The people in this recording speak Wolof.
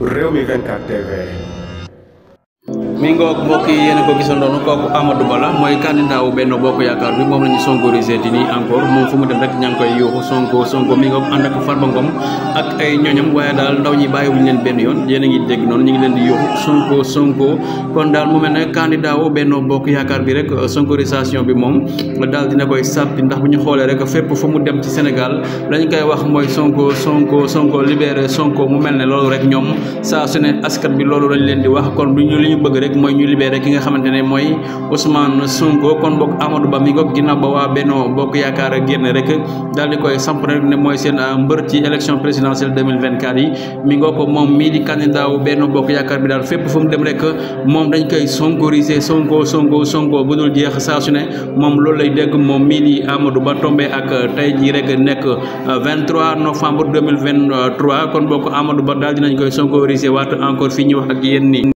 Rewmi 24 TV mi moki mbokk yi yéen a ko gisandoonu kooku amadou bala mooy candidat wu benn bokk yaakaar bi moom la ñu sonkorisé di nii encore eh, moom fu mu dem rek ña ngi koy yuuxu sonko sonko mi ngoog ànd ak farba ak ay ñoñam waaye daal ndaw ñi bàyyiwuñ leen benn yoon yéen a ngi dégg noonu ñu ngi leen di yuuxu sonko sonko kon daal mu mel ne candidat wu benn bokk yaakaar bi rek sonkorisation bi moom daal dina koy sàppi ndax bu ñu xoolee rek eh, fépp fu mu dem ci sénégal lañ koy wax mooy sonko sonko sonko libéré sonko mu mel ne loolu rek ñoom saa su ne askan bi loolu lañ leen di wax kon du ñu li ñu bëgg rek mooy ñu rek ki nga xamante ne mooy Ousmane Sonko kon boo Amadou Ba mi ngoog ginnaaw ba waa Benno Bokk Yaakaar génn rek daal di koy samp rek ne mooy seen euh, mbër ci élection présidentielle 2024 yi mi ngoo ko moom mii di candidat wu Yaakaar bi daal fépp fu mu dem rek moom dañ koy sonkorisé Sonko Sonko Sonko bu dul jeex saa su ne moom loolu lay dégg moom mii di Amadou Ba tombé ak tey jii rek nekk 23 euh, novembre 2023 kon bokk Amadou Ba daal dinañ koy sonkorisé waat encore fi ñu wax ak yéen